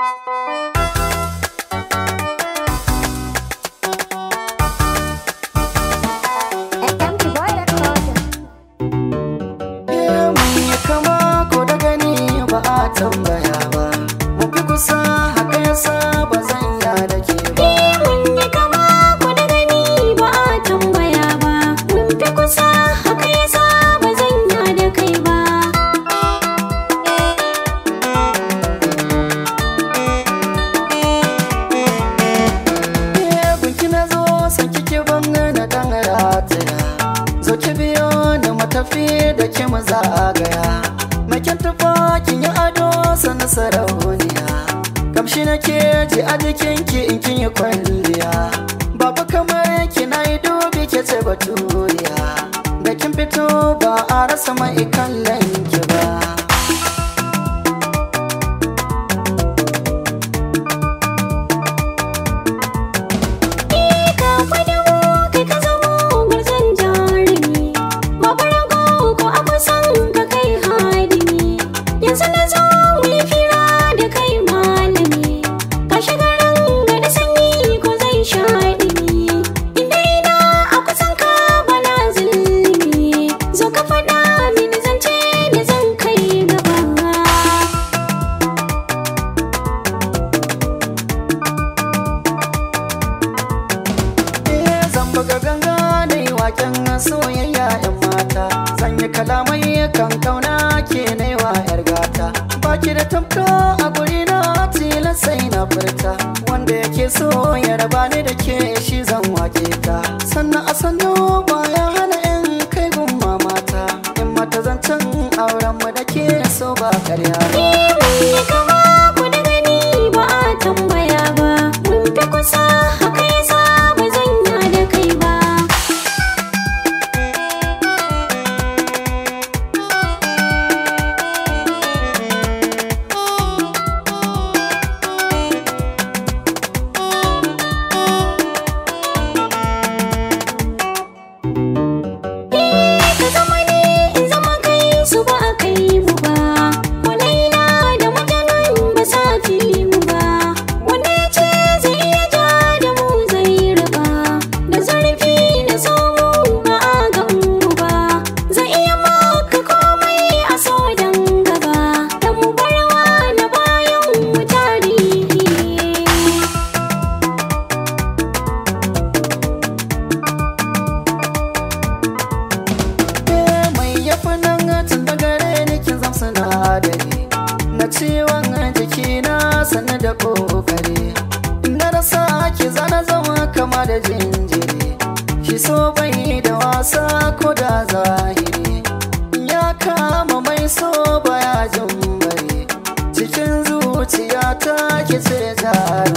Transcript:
Música ce mu zagaya makin tufa kin yi ado sana sarauniya kamshi na ke ji a jikinki in kin yi kwalliya babu kamar na yi dubi ke ce baturiya da kin fito ba a rasa mai kallon waƙen soyayya yan mata sanya kalamai kan kauna ke naiwa yar gata baki da tabto a guri na tilasai na furta wanda yake so ya raba ciwon a na sana da kokare na rasa ki zana zama kama da jinjiri shi so bai da wasa ko da zahiri ya kama mai so baya jin bare cikin zuciyata ki ce jari